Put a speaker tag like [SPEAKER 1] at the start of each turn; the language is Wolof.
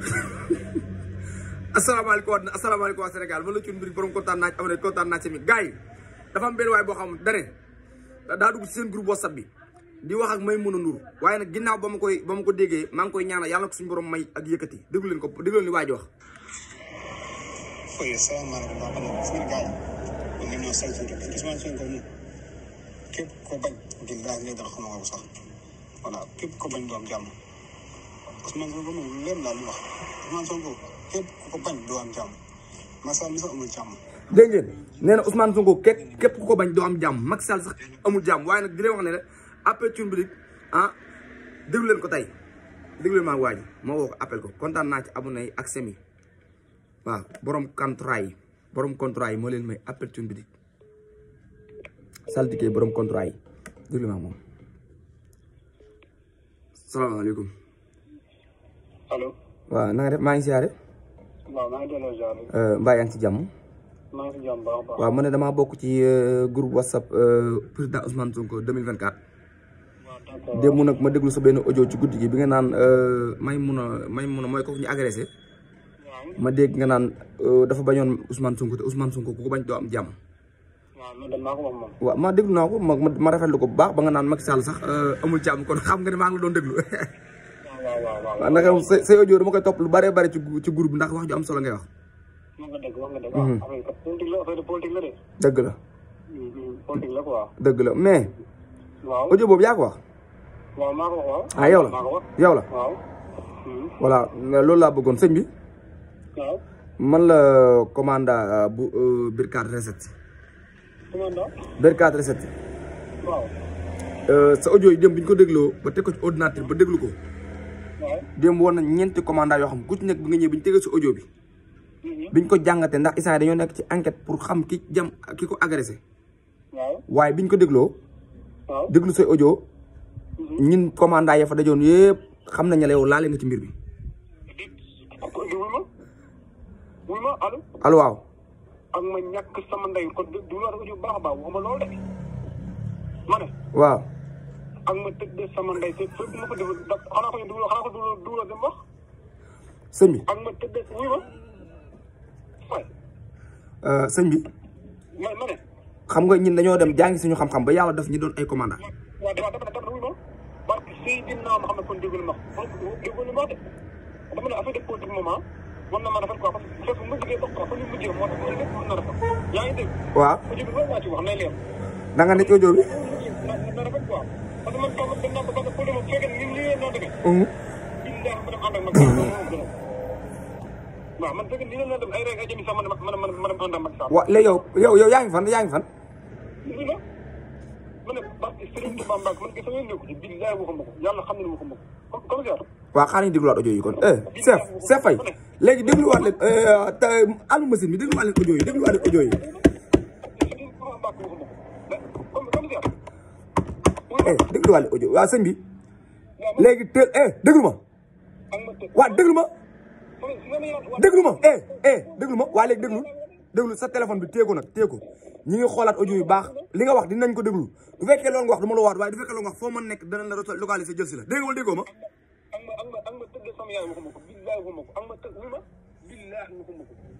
[SPEAKER 1] asalaamaaleykum wa asalaamaaleykum waa Sénégal man la Thioune Mbir borom kontaan naa am na kontaan naa ci mi gars dafa am benn waay boo xam dane daa dugg seen groupe WhatsApp bi di wax ak may mën a nur waaye nag ginnaaw ba ma koy ba ma ko déggee maa ngi koy ñaanal yàlla ko suñu borom may ak yëkkati déglu leen ko déglu li waa wax.
[SPEAKER 2] Ousmane Sonko moom leen laa ñu wax Ousmane Sonko képp ku ko bañ doo am jàmm Macky Sall mi sax amul jàmm.
[SPEAKER 1] dégg na Ousmane wax ne la appel tune bi ah déglu leen ko tey déglu leen maa moo woo ko ko kontaan naa ci abonné ak semi waaw borom contrat yi borom contrat yi moo leen may appel tune bi saltige borom contrat yi déglu maa moom salaamaaleykum allo waaw na nga def maa ngi siyaare
[SPEAKER 2] waaw maa ngi delloo siyaare mbaa yaa ngi ci jàmm maa ngi ci jàmm baax baax waaw mu ne
[SPEAKER 1] damaa bokk ci groupe whatsapp président Ousmane Sonko 2024 démb nag ma déglu sa benn audio ci guddi gi bi nga naan Maimouna Maimouna mooy kooku ñu agressé ma dégg nga naan dafa bañoon Ousmane Sonko te Ousmane Sonko ku ko bañ doo am jàmm waaw ma déglu naa ko ma ma rafetlu ko bu baax ba nga naan Macky Sall sax amul jàmm kon xam nga ne maa ngi doon déglu
[SPEAKER 2] waaw naka
[SPEAKER 1] sa audio dama koy topp lu bare bare ci ci groupe ndax wax ju am solo ngay wax
[SPEAKER 2] nga dëgg wax nga dëgg politique la affaire politique la de dëgg la politique la quoi dëgg la mais waaw audio waaw ah yow la waaw
[SPEAKER 1] waaw man la commanda bu Birkat recette commanda Birkat recette waaw sa audio dem bi ko dégloo ba ko ci ordinateur ba ko démb woon nañ ñeenti commandant yoo xam ku ci nekk bi nga ñëw bi ñu tege si audio bi
[SPEAKER 2] mhm. biñ
[SPEAKER 1] ko jàngatee ndax Issa dañoo nekk ci enquête pour xam ki jam ki ko agressé waaye biñ ko dégloo déglu say audio mhm. ñun commandant ya fa dajoon yëpp xam nañ ne yow laale nga ci mbir bi allo waaw a waaw
[SPEAKER 2] xam nga tëdd sama ndey te fépp ma ko def daf xanaa ko ñu euh, xam nga tëdd wuy bi.
[SPEAKER 1] ma nga ñun dañoo dem jàngi suñu xam-xam ba yàlla def ñu doon ay commandant. waaw dama dama dama ah, bi.
[SPEAKER 2] waaw man dëgg dina dem ay rek ay jëmi sax man man ma ne parce que Serigne Touba Mbacke man sama nekku ci billaay waxuma ko yàlla xam
[SPEAKER 1] na ne bi. léegi teel eh déglu ma waa déglu ma déglu ma eh eh déglu ma waa léegi déglu déglu sa téléphone bi téeko nag téeko ñi ngi xoolaat audio yu baax li nga wax dinañ ko déglu du fekkee loolu nga wax du ma la waat waaye du fekkee loolu nga wax foo mën nekk danañ la localiser jël si la dégg nga wala déggoo
[SPEAKER 2] ma